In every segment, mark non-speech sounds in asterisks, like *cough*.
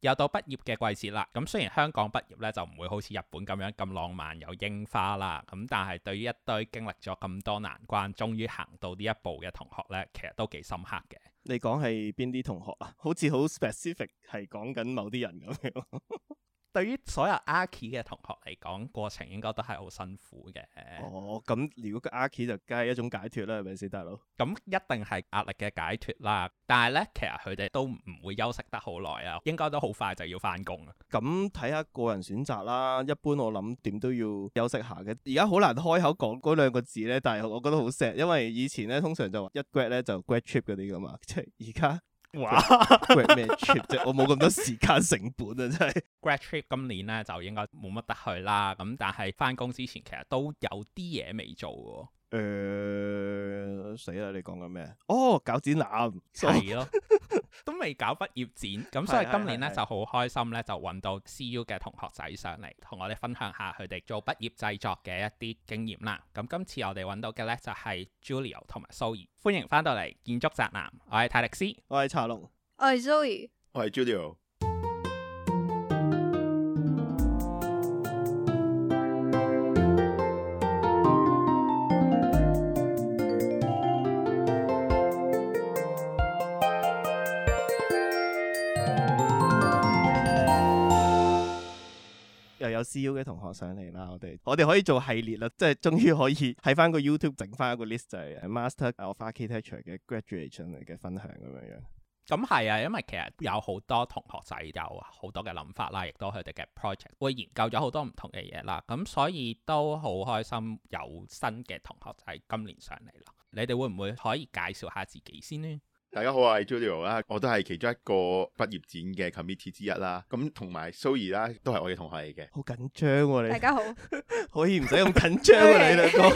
又到畢業嘅季節啦，咁雖然香港畢業呢就唔會好似日本咁樣咁浪漫有櫻花啦，咁但係對於一堆經歷咗咁多難關，終於行到呢一步嘅同學呢，其實都幾深刻嘅。你講係邊啲同學啊？好似好 specific 係講緊某啲人咁樣。 *laughs* 對於所有 Archi 嘅同學嚟講，過程應該都係好辛苦嘅。哦，咁如果個 Archi 就梗係一種解脫啦，係咪先，大佬？咁一定係壓力嘅解脫啦。但係咧，其實佢哋都唔會休息得好耐啊，應該都好快就要翻工啊。咁睇下個人選擇啦。一般我諗點都要休息下嘅。而家好難開口講嗰兩個字咧，但係我覺得好錫，因為以前咧通常就話一 grad 咧就 grad trip 嗰啲㗎嘛，即係而家。哇 grad 咩 trip 啫，我冇咁多時間成本啊，真係 grad trip 今年，咧就應該冇乜得去啦。咁但係翻工之前其實都有啲嘢未做喎。誒，死啦！你講緊咩？哦，搞展覽 sorry 咯，都未搞畢業展，咁所以今年咧就好開心咧，就搵到 CU 嘅同學仔上嚟，同我哋分享下佢哋做畢業製作嘅一啲經驗啦。咁今次我哋搵到嘅咧就係 Julio 同埋 Zoe，歡迎翻到嚟建築宅男，我係泰力斯，我係查龍，我係 Zoe，我係 Julio。有 C.U. 嘅同學上嚟啦，我哋我哋可以做系列啦，即係終於可以喺翻個 YouTube 整翻一個 list 就係 Master of Architecture 嘅 Graduation 嚟嘅分享咁樣樣。咁係啊，因為其實有好多同學仔有好多嘅諗法啦，亦都佢哋嘅 project 會研究咗好多唔同嘅嘢啦，咁所以都好開心有新嘅同學仔今年上嚟咯。你哋會唔會可以介紹下自己先呢？大家好，我係 Julio 啦，我都係其中一個畢業展嘅 committee 之一啦，咁同埋 Zoe 啦，都係我嘅同學嚟嘅，好緊張、啊、你。大家好， *laughs* 可以唔使咁緊張你兩個。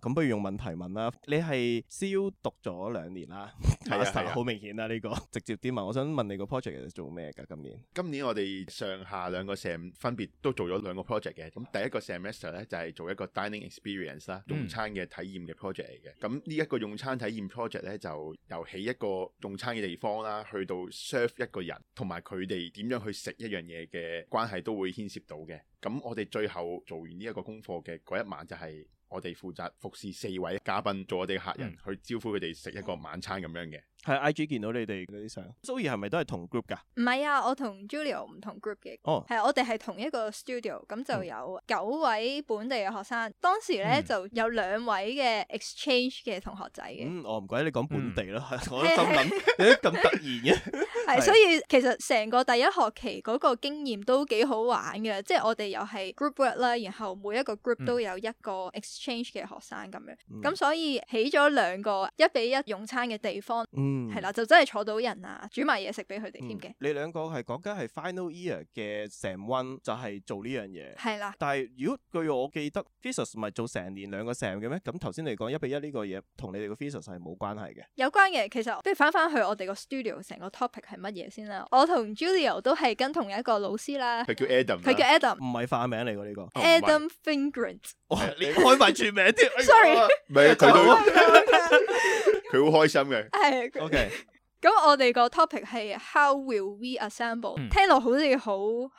咁 *laughs* 不如用問題問啦。你係修讀咗兩年啦，係啊，好 *laughs* 明顯啦，呢個直接啲問。我想問你個 project 其實做咩噶？今年今年我哋上下兩個 semester 分別都做咗兩個 project 嘅。咁第一個 semester 咧，就係做一個 dining experience 啦，用餐嘅體驗嘅 project 嚟嘅。咁呢一個用餐體驗 project 咧，就由起一個用餐嘅地方啦，去到 serve 一個人，同埋佢哋點樣去食一樣嘢嘅關係都會牽涉到嘅。咁我哋最後做完呢一個功課嘅嗰一晚，就係我哋負責服侍四位嘉賓做我哋嘅客人，嗯、去招呼佢哋食一個晚餐咁樣嘅。係 I G 見到你哋嗰啲相，Zoe 係咪都係同 group 㗎？唔係啊，我同 Julio 唔同 group 嘅。哦，係啊，我哋係同一個 studio，咁就有九位本地嘅學生。當時咧就有兩位嘅 exchange 嘅同學仔嘅。嗯，唔怪得你講本地啦，嗯、我都心諗，你一咁突然嘅、啊。係， *laughs* 所以其實成個第一學期嗰個經驗都幾好玩嘅，即、就、係、是、我哋又係 group work 啦，然後每一個 group 都有一個 exchange 嘅學生咁、嗯、樣，咁、嗯、所以起咗兩個一比一用餐嘅地方。嗯係啦，就真係坐到人啊，煮埋嘢食俾佢哋添嘅。你兩個係講緊係 Final Year 嘅 sam one 就係做呢樣嘢。係啦，但係如果據我記得，thesis 唔係做成年兩個 sam 嘅咩？咁頭先你講一比一呢個嘢，同你哋個 thesis 係冇關係嘅。有關嘅，其實，不如翻翻去我哋個 studio 成個 topic 係乜嘢先啦。我同 Julio 都係跟同一個老師啦。佢叫 Adam。佢叫 Adam，唔係化名嚟嘅呢個。Adam Fingrent。哇，你開埋全名添。Sorry。咪佢咯。佢好 *laughs* 開心嘅，係的，OK。咁 *laughs* 我哋個 topic 係 How will we assemble？嗯、聽落好似好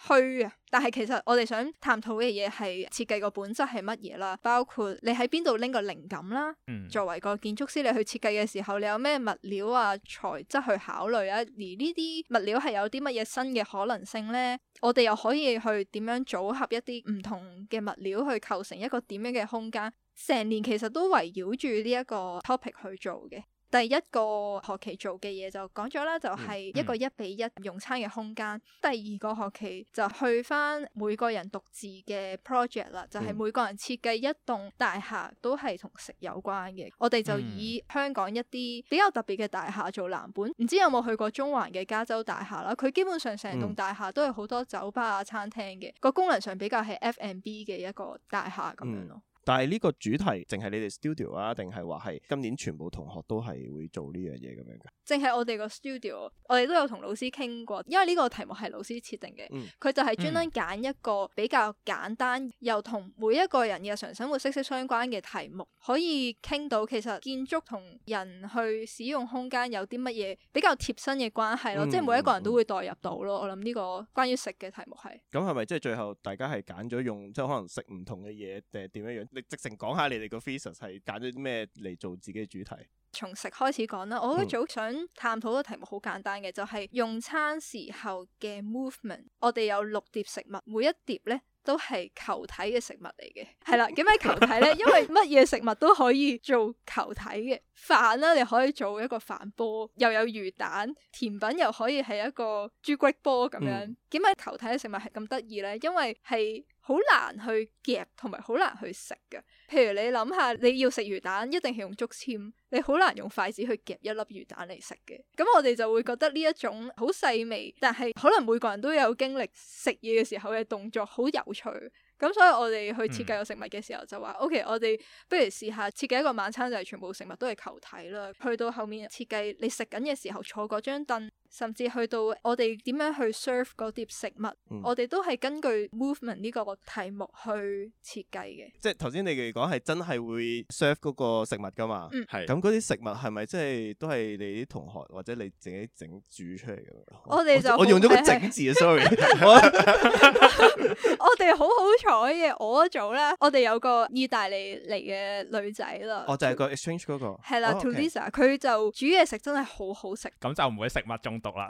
虛啊，但係其實我哋想探討嘅嘢係設計個本質係乜嘢啦，包括你喺邊度拎個靈感啦。嗯、作為個建築師你去設計嘅時候，你有咩物料啊、材質去考慮啊？而呢啲物料係有啲乜嘢新嘅可能性呢？我哋又可以去點樣組合一啲唔同嘅物料去構成一個點樣嘅空間？成年其實都圍繞住呢一個 topic 去做嘅。第一個學期做嘅嘢，就講咗啦，就係一個一比一用餐嘅空間。第二個學期就去翻每個人獨自嘅 project 啦，就係每個人設計一棟大廈，都係同食有關嘅。我哋就以香港一啲比較特別嘅大廈做藍本，唔知有冇去過中環嘅加州大廈啦？佢基本上成棟大廈都係好多酒吧啊、餐廳嘅，個功能上比較係 F&B 嘅一個大廈咁樣咯。但係呢個主題淨係你哋 studio 啊，定係話係今年全部同學都係會做呢樣嘢咁樣噶淨係我哋個 studio，我哋都有同老師傾過，因為呢個題目係老師設定嘅，佢、嗯、就係專登揀一個比較簡單、嗯、又同每一個人日常生活息息相關嘅題目，可以傾到其實建築同人去使用空間有啲乜嘢比較貼身嘅關係咯，嗯、即係每一個人都會代入到咯。嗯、我諗呢個關於食嘅題目係，咁，係咪即係最後大家係揀咗用即係可能食唔同嘅嘢定係點樣樣？你直情講下你哋個 thesis 係揀咗啲咩嚟做自己嘅主題？從食開始講啦，我一早想探討個題目好簡單嘅，就係、是、用餐時候嘅 movement。我哋有六碟食物，每一碟呢都係球體嘅食物嚟嘅。係啦，點解球體呢？因為乜嘢食物都可以做球體嘅飯啦，你可以做一個飯波，又有魚蛋甜品，又可以係一個朱古力波咁樣。點解、嗯、球體嘅食物係咁得意呢？因為係。好難去夾同埋好難去食㗎，譬如你諗下你要食魚蛋，一定係用竹籤，你好難用筷子去夾一粒魚蛋嚟食嘅。咁我哋就會覺得呢一種好細微，但係可能每個人都有經歷食嘢嘅時候嘅動作好有趣。咁所以我哋去設計個食物嘅時候就話，嗯，OK，我哋不如試下設計一個晚餐就係、是、全部食物都係球體啦。去到後面設計你食緊嘅時候坐嗰張凳。甚至去到我哋點樣去 serve 嗰碟食物，嗯、我哋都係根據 movement 呢個題目去設計嘅。即係頭先你哋講係真係會 serve 嗰個食物噶嘛？係、嗯，係。咁嗰啲食物係咪即係都係你啲同學或者你自己整煮出嚟嘅？我哋就我用咗個整字，sorry 啊。我哋好好彩嘅，我嗰組咧，我哋有個意大利嚟嘅女仔啦。我、哦、就係、是、個 exchange 嗰、那個。係啦，Teresa，佢就煮嘢食真係好好食。咁就唔會食物仲。懂了。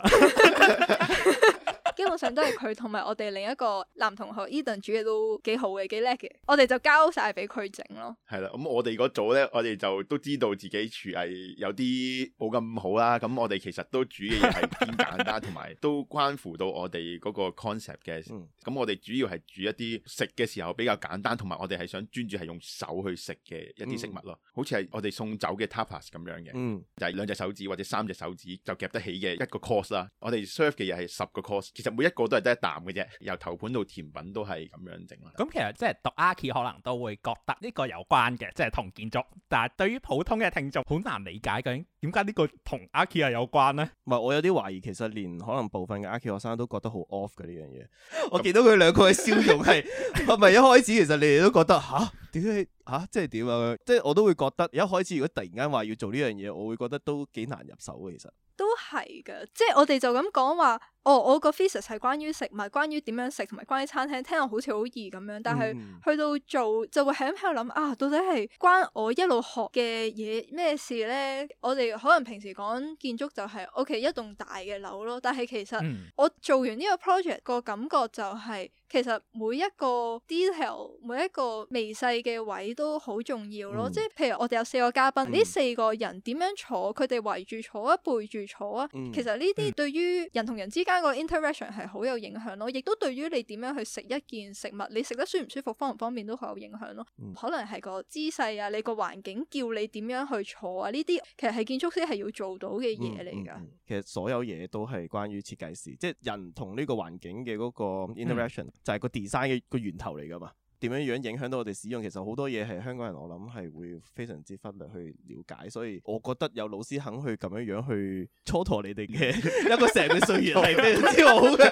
基本上都係佢同埋我哋另一個男同學 Eden 煮嘅，都幾好嘅，幾叻嘅。我哋就交晒俾佢整咯。係啦，咁我哋組咧，我哋就都知道自己廚藝有啲冇咁好啦。咁我哋其實都煮嘅嘢係偏簡單，同埋 *laughs* 都關乎到我哋嗰個 concept 嘅。咁、嗯、我哋主要係煮一啲食嘅時候比較簡單，同埋我哋係想專注係用手去食嘅一啲食物咯。嗯、好似係我哋送酒嘅 tapas 咁樣嘅，就係兩隻手指或者三隻手指就夾得起嘅一個 course 啦。我哋 serve 嘅嘢係十個 course，其實。每一個都係得一啖嘅啫，由頭盤到甜品都係咁樣整啦。咁其實即係讀 arch 可能都會覺得呢個有關嘅，即係同建築。但係對於普通嘅聽眾，好難理解究竟點解呢個同 arch 係有關呢？唔係，我有啲懷疑，其實連可能部分嘅 arch 學生都覺得好 off 嘅呢樣嘢。我見到佢兩個嘅笑容係，係咪一開始其實你哋都覺得吓？點解吓？即係點啊？即係我都會覺得，一開始如果突然間話要做呢樣嘢，我會覺得都幾難入手嘅，其實。都係嘅，即係我哋就咁講話，哦，我個 thesis 係關於食物、關於點樣食同埋關於餐廳，聽落好似好易咁樣。但係去到做、嗯、就會喺喺度諗啊，到底係關我一路學嘅嘢咩事咧？我哋可能平時講建築就係 OK 一棟大嘅樓咯，但係其實我做完呢個 project 個感覺就係、是，其實每一個 detail、每一個微細嘅位都好重要咯。嗯、即係譬如我哋有四個嘉賓，呢、嗯、四個人點樣坐，佢哋圍住坐一背住坐。啊，嗯、其實呢啲對於人同人之間個 interaction 係好有影響咯，亦都對於你點樣去食一件食物，你食得舒唔舒服、方唔方便都好有影響咯。嗯、可能係個姿勢啊，你個環境叫你點樣去坐啊，呢啲其實係建築師係要做到嘅嘢嚟噶。其實所有嘢都係關於設計師，即係人同呢個環境嘅嗰個 interaction、嗯、就係個 design 嘅個源頭嚟噶嘛。點樣樣影響到我哋使用？其實好多嘢係香港人，我諗係會非常之忽略去了解。所以我覺得有老師肯去咁樣樣去蹉跎你哋嘅一個成個歲月係非常之好嘅。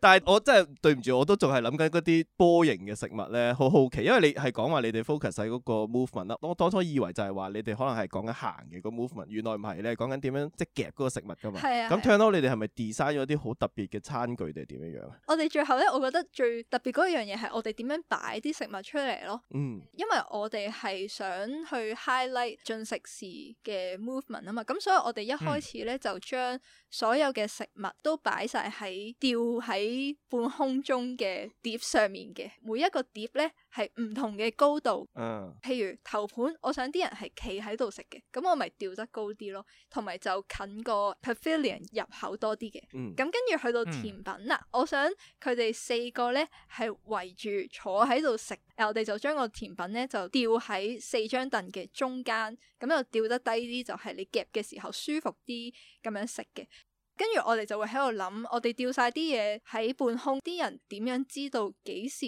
但係我真係對唔住，我都仲係諗緊嗰啲波形嘅食物咧，好好奇。因為你係講話你哋 focus 喺嗰個 movement 啦，我當初以為就係話你哋可能係講緊行嘅個 movement，原來唔係咧，講緊點樣即係夾嗰個食物噶嘛。係是啊。咁 turn out 你哋係咪 design 咗啲好特別嘅餐具定係點樣？是啊、我哋最後咧，我覺得最特別嗰樣嘢係我哋。點樣擺啲食物出嚟咯？嗯、因為我哋係想去 highlight 進食時嘅 movement 啊嘛，咁所以我哋一開始咧、嗯、就將所有嘅食物都擺晒喺吊喺半空中嘅碟上面嘅，每一個碟咧係唔同嘅高度。Uh，譬如頭盤，我想啲人係企喺度食嘅，咁我咪吊得高啲咯，同埋就近個 pavilion 入口多啲嘅。嗯，咁、嗯、跟住去到甜品啦，嗯、我想佢哋四個咧係圍住，坐喺度食，我哋就將個甜品呢就吊喺四張凳嘅中間，咁就吊得低啲，就係你夾嘅時候舒服啲咁樣食嘅。跟住我哋就會喺度諗，我哋吊晒啲嘢喺半空，啲人點樣知道幾時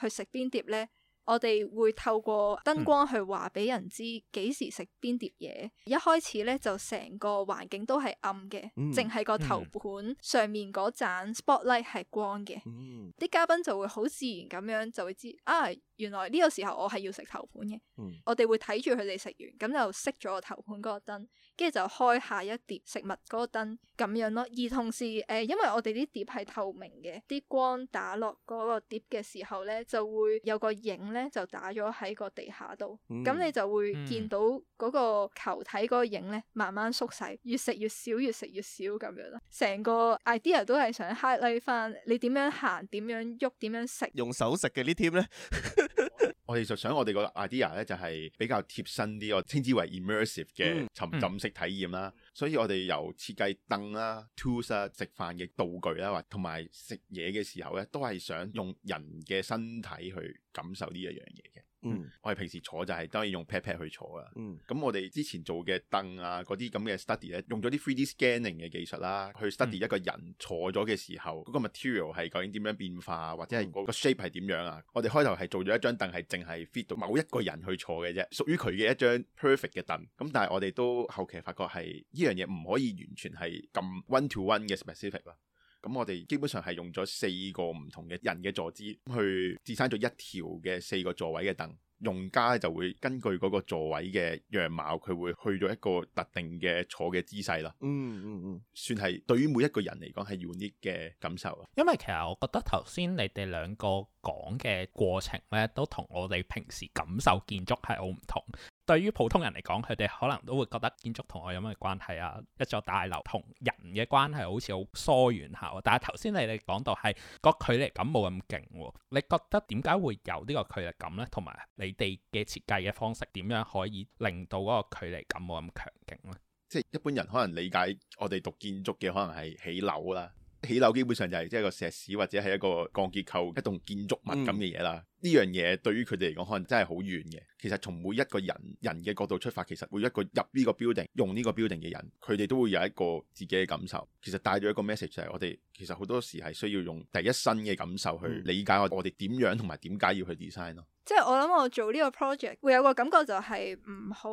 去食邊碟呢？我哋會透過燈光去話俾人知幾時食邊碟嘢。一開始呢，就成個環境都係暗嘅，淨係、嗯、個頭盤上面嗰盞 spotlight 係光嘅。啲、嗯、嘉賓就會好自然咁樣就會知啊，原來呢個時候我係要食頭盤嘅。嗯、我哋會睇住佢哋食完，咁就熄咗個頭盤嗰個燈，跟住就開下一碟食物嗰個燈，咁樣咯。而同時，誒、呃，因為我哋啲碟係透明嘅，啲光打落嗰個碟嘅時候呢，就會有個影。咧就打咗喺個地下度，咁、嗯、你就會見到嗰個球體嗰個影咧，慢慢縮細，越食越少，越食越少咁樣咯。成個 idea 都係想 highlight 翻你點樣行，點樣喐，點樣食。用手食嘅呢啲咧， *laughs* *laughs* 我哋就想我哋個 idea 咧就係比較貼身啲，我稱之為 immersive 嘅沉浸式體驗啦。嗯嗯所以我哋由設計凳啊 tools 啊食飯嘅道具啦、啊，或同埋食嘢嘅時候咧、啊，都係想用人嘅身體去感受呢一樣嘢嘅。嗯，我哋平時坐就係、係、當然用 pat pat 去坐啦。嗯，咁、嗯、我哋之前做嘅凳啊，嗰啲咁嘅 study 咧，用咗啲 three D scanning 嘅技術啦，去 study、嗯、一個人坐咗嘅時候，嗰、嗰個 material 係究竟點樣變化，或者係個 shape 係點樣啊？我哋開頭係做咗一張凳，係淨係 fit 到某一個人去坐嘅啫，屬於佢嘅一張 perfect 嘅凳。咁但係我哋都後期發覺係呢樣嘢唔可以完全係咁 one to one 嘅 specific 咯。咁我哋基本上係用咗四個唔同嘅人嘅坐姿去置差咗一條嘅四個座位嘅凳，用家就會根據嗰個座位嘅樣貌，佢會去咗一個特定嘅坐嘅姿勢咯。嗯嗯嗯，算係對於每一個人嚟講係 unique 嘅感受啊。因為其實我覺得頭先你哋兩個講嘅過程咧，都同我哋平時感受建築係好唔同。對於普通人嚟講，佢哋可能都會覺得建築同我有咩關係啊？一座大樓同人嘅關係好似好疏遠下喎。但係頭先你哋講到係個距離感冇咁勁喎，你覺得點解會有呢個距離感呢？同埋你哋嘅設計嘅方式點樣可以令到嗰個距離感冇咁強勁呢？即係一般人可能理解我哋讀建築嘅，可能係起樓啦。起樓基本上就係一個石屎或者係一個鋼結構一棟建築物咁嘅嘢啦。呢樣嘢對於佢哋嚟講可能真係好遠嘅。其實從每一個人人嘅角度出發，其實每一個入呢個 building 用呢個 building 嘅人，佢哋都會有一個自己嘅感受。其實帶咗一個 message 就係我哋其實好多時係需要用第一身嘅感受去理解我哋點、嗯、樣同埋點解要去 design 咯。即係我諗我做呢個 project 會有個感覺就係唔好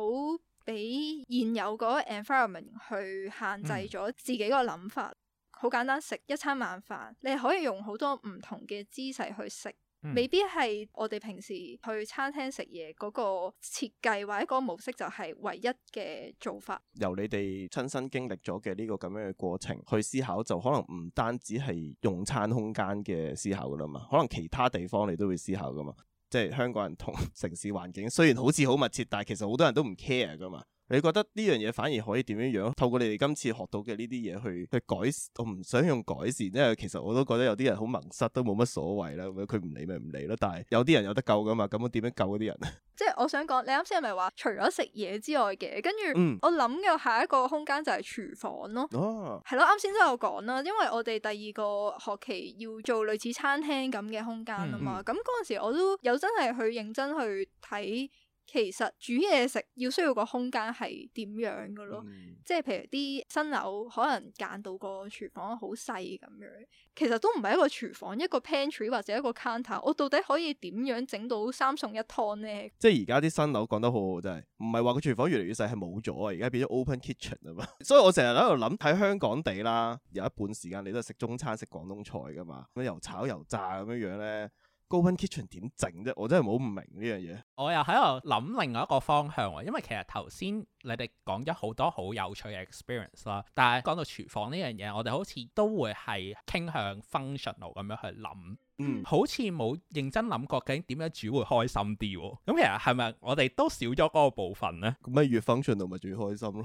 俾現有嗰 environment 去限制咗自己個諗法。嗯好簡單，食一餐晚飯，你可以用好多唔同嘅姿勢去食，嗯、未必係我哋平時去餐廳食嘢嗰個設計或者嗰個模式就係唯一嘅做法。由你哋親身經歷咗嘅呢個咁樣嘅過程去思考，就可能唔單止係用餐空間嘅思考噶啦嘛，可能其他地方你都會思考噶嘛。即係香港人同城市環境雖然好似好密切，但係其實好多人都唔 care 噶嘛。你覺得呢樣嘢反而可以點樣樣？透過你哋今次學到嘅呢啲嘢去去改善，我唔想用改善，因為其實我都覺得有啲人好盲塞都冇乜所謂啦，咁樣佢唔理咪唔理咯。但係有啲人有得救㗎嘛，咁我點樣救嗰啲人啊？即係我想講，你啱先係咪話除咗食嘢之外嘅？跟住，嗯，我諗嘅下一個空間就係廚房咯。哦，啊，係咯，啱先都有講啦，因為我哋第二個學期要做類似餐廳咁嘅空間啊嘛。咁嗰陣時我都有真係去認真去睇。其實煮嘢食要需要個空間係點樣嘅咯？嗯、即係譬如啲新樓可能揀到個廚房好細咁樣，其實都唔係一個廚房，一個 pantry 或者一個 counter。我到底可以點樣整到三餸一湯呢？即係而家啲新樓講得好好真係，唔係話個廚房越嚟越細係冇咗啊！而家變咗 open kitchen 啊嘛。 *laughs* 所以我成日喺度諗，喺香港地啦，有一半時間你都係食中餐、食廣東菜噶嘛，咁又炒又炸咁樣樣咧，open kitchen 點整啫？嗯、我真係冇唔明呢樣嘢。我又喺度諗另外一個方向喎，因為其實頭先你哋講咗好多好有趣嘅 experience 啦，但係講到廚房呢樣嘢，我哋好似都會係傾向 functional 咁樣去諗，嗯，嗯，好似冇認真諗過究竟點樣煮會開心啲，咁其實係咪我哋都少咗嗰個部分咧？咁咪越 functional 咪最開心咯？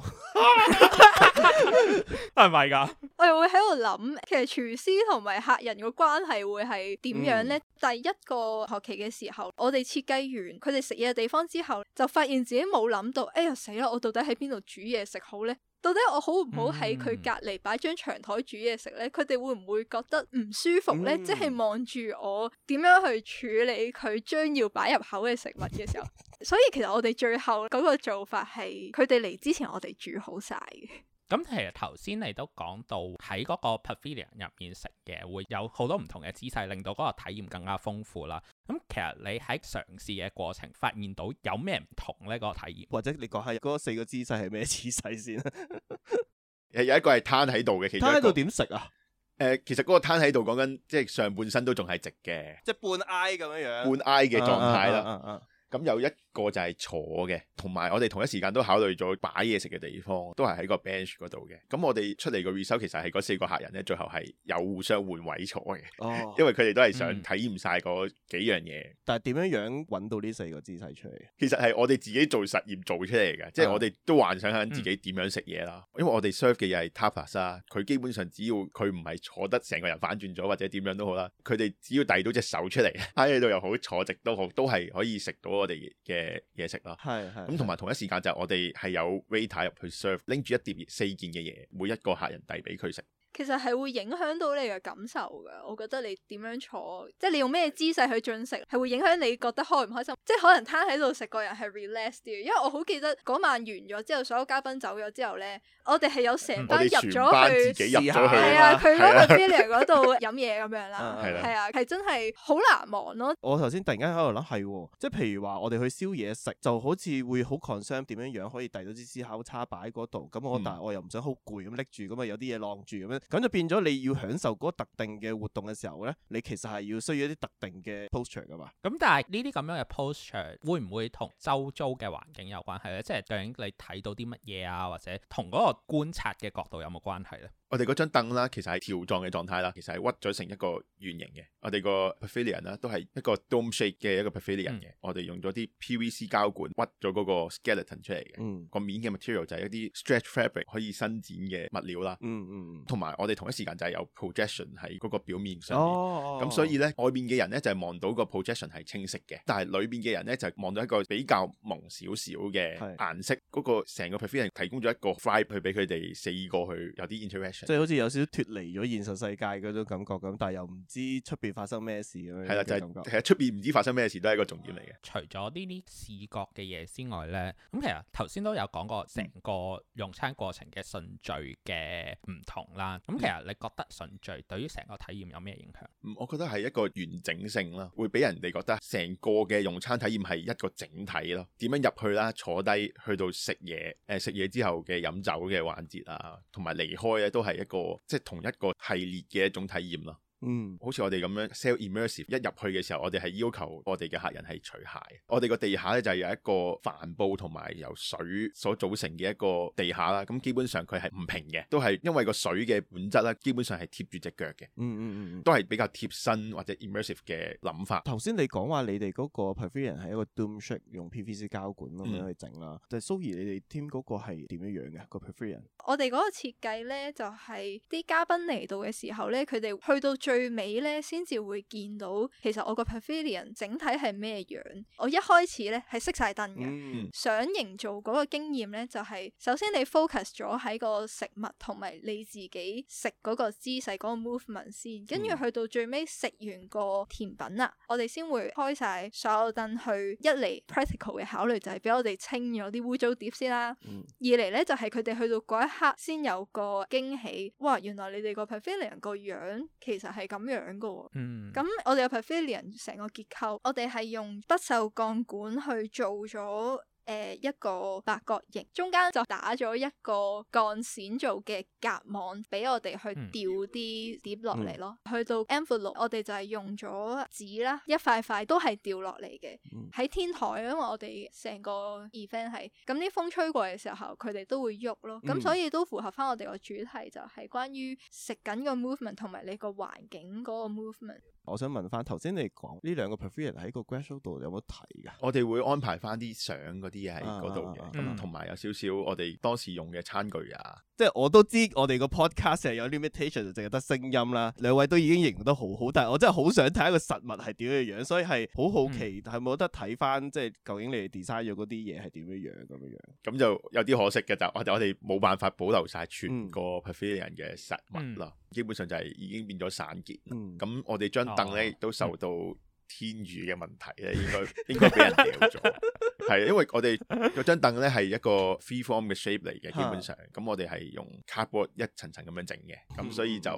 係咪噶？我又會喺度諗，其實廚師同埋客人嘅關係會係點樣咧？嗯、第一個學期嘅時候，我哋設計完佢哋。食嘢地方之後，就發現自己冇諗到，哎呀死啦！我到底喺邊度煮嘢食好呢？到底我好唔好喺佢隔籬擺張長台煮嘢食呢？佢哋會唔會覺得唔舒服呢？即係望住我點樣去處理佢將要擺入口嘅食物嘅時候，所以其實我哋最後嗰個做法係，佢哋嚟之前我哋煮好晒嘅。咁其實頭先你都講到喺嗰個 pavilion 入面食嘅會有好多唔同嘅姿勢，令到嗰個體驗更加豐富啦。咁其實你喺嘗試嘅過程，發現到有咩唔同咧？嗰個體驗，或者你講下嗰、嗰個、四個姿勢係咩姿勢先咧？ *laughs* 有一個係攤喺度嘅，其實攤喺度點食啊？誒、呃，其實嗰個攤喺度講緊，即係上半身都仲係直嘅，即係半 I 咁樣樣，半 I 嘅狀態啦。啊，啊，啊，啊，啊，啊，啊，咁有一。個就係坐嘅，同埋我哋同一時間都考慮咗擺嘢食嘅地方，都係喺個 bench 嗰度嘅。咁我哋出嚟個 result 其實係嗰四個客人咧，最後係有互相換位坐嘅。哦、因為佢哋都係想體驗晒個幾樣嘢、嗯。但係點樣樣揾到呢四個姿勢出嚟？其實係我哋自己做實驗做出嚟嘅，嗯、即係我哋都幻想緊自己點樣食嘢啦。嗯、因為我哋 serve 嘅嘢係 tapas 啊，佢基本上只要佢唔係坐得成個人反轉咗或者點樣都好啦，佢哋只要遞到隻手出嚟，趴喺度又好，坐直都好，都係可以食到我哋嘅。誒嘢食啦，係係咁同埋同一時間，就我哋係有 waiter 入去 serve 拎住一碟四件嘅嘢，每一個客人遞俾佢食。其實係會影響到你嘅感受噶，我覺得你點樣坐，即係你用咩姿勢去進食，係會影響你覺得開唔開心。即係可能攤喺度食個人係 relax 啲，因為我好記得嗰晚完咗之後，所有嘉賓走咗之後咧，我哋係有成班入咗去試，係啊，佢嗰度 family 嗰度飲嘢咁樣啦，係啊，係真係好難忘咯。我頭先突然間喺度諗，係即係譬如話我哋去燒嘢食，就好似會好 concern 點樣樣可以遞到支燒烤叉擺喺嗰度，咁我但係我又唔想好攰，咁拎住，咁啊有啲嘢晾住咁樣。咁就變咗你要享受嗰特定嘅活動嘅時候咧，你其實係要需要一啲特定嘅 posture 噶嘛。咁但係呢啲咁樣嘅 posture 會唔會同周遭嘅環境有關係咧？即係究竟你睇到啲乜嘢啊，或者同嗰個觀察嘅角度有冇關係咧？我哋嗰張凳啦，其實係條狀嘅狀態啦，其實係屈咗成一個圓形嘅。我哋個 pavilion 啦，都係一個 dome shape 嘅一個 pavilion 嘅。我哋用咗啲 PVC 膠管屈咗嗰個 skeleton 出嚟嘅。個、嗯、面嘅 material 就係一啲 stretch fabric 可以伸展嘅物料啦、嗯。嗯嗯，同埋。我哋同一時間就係有 projection 喺嗰個表面上面，咁、oh, oh, oh, oh, oh. 所以咧外面嘅人咧就係、是、望到個 projection 係清晰嘅，但係裏面嘅人咧就係、是、望到一個比較朦少少嘅顏色。嗰是個成個 presentation 提供咗一個 vibe 去俾佢哋四個去有啲 interaction，即係好似有少少脫離咗現實世界嗰種感覺咁，但係又唔知出邊發生咩事咁係啦，就係係出邊唔知發生咩事都係一個重要嚟嘅。除咗呢啲視覺嘅嘢之外咧，咁其實頭先都有講過成個用餐過程嘅順序嘅唔同啦。咁其實你覺得順序對於成個體驗有咩影響？嗯，我覺得係一個完整性啦，會俾人哋覺得成個嘅用餐體驗係一個整體咯。點樣入去啦？去坐低去到食嘢，誒食嘢之後嘅飲酒嘅環節啊，同埋離開咧都係一個即係、就是、同一個系列嘅一種體驗咯。嗯，好似我哋咁樣 sell immersive，一入去嘅時候，我哋係要求我哋嘅客人係除鞋。我哋個地下咧就係、是、有一個帆布同埋由水所組成嘅一個地下啦。咁基本上佢係唔平嘅，都係因為個水嘅本質咧，基本上係貼住隻腳嘅。嗯嗯嗯，都係比較貼身或者 immersive 嘅諗法。頭先你講話你哋嗰個 perfusion 係一個 dome shape 用 PVC 膠管咁樣去整啦，嗯、就係 Zoe 你哋 team 嗰個係點樣樣嘅個 perfusion？我哋嗰個設計咧就係、是、啲嘉賓嚟到嘅時候咧，佢哋去到最最尾咧，先至會見到其實我個 pavilion 整體係咩樣。我一開始咧係熄晒燈嘅，mm hmm. 想營造個經驗咧就係、是，首先你 focus 咗喺個食物同埋你自己食個姿勢、嗰個 movement 先，跟住去到最尾食完個甜品啦，我哋先會開晒所有燈去。一嚟 practical 嘅考慮就係俾我哋清咗啲污糟碟先啦，mm hmm. 二嚟咧就係佢哋去到嗰一刻先有個驚喜。哇，原來你哋個 pavilion 個樣其實係～係咁樣噶，嗯，咁我哋有 pavilion 成個結構，我哋係用不銹鋼管去做咗。誒、呃、一個八角形，中間就打咗一個鋼線做嘅夾網，俾我哋去吊啲碟落嚟咯。嗯、去到 Envelope 我哋就係用咗紙啦，一塊塊都係吊落嚟嘅。喺、嗯、天台，因為我哋成個 event 係咁啲風吹過嘅時候，佢哋都會喐咯。咁、嗯、所以都符合返我哋個主題，就係關於食緊個 movement 同埋你個環境嗰個 movement。我想問翻頭先你講呢兩個 perfume 喺個 grad show 度有冇睇㗎？我哋會安排翻啲相嗰啲嘢喺嗰度嘅，同埋有少少我哋當時用嘅餐具啊。即係我都知我哋個 podcast 係有 limitation，就淨係得聲音啦。兩位都已經形容得好好，但係我真係好想睇一個實物係點樣樣，所以係好好奇，係冇得睇翻，即係究竟你哋 design 咗嗰啲嘢係點樣樣咁樣樣。咁就有啲可惜嘅，就我哋冇辦法保留晒全個 pavilion 嘅實物啦。嗯、基本上就係已經變咗散件。咁、嗯、我哋張凳咧亦都受到。天宇嘅問題咧，應該應該俾人掉咗，係 *laughs* 因為我哋嗰張凳咧係一個 freeform 嘅 shape 嚟嘅。啊、基本上咁我哋係用 cardboard 一層層咁樣整嘅，咁、嗯嗯嗯、所以就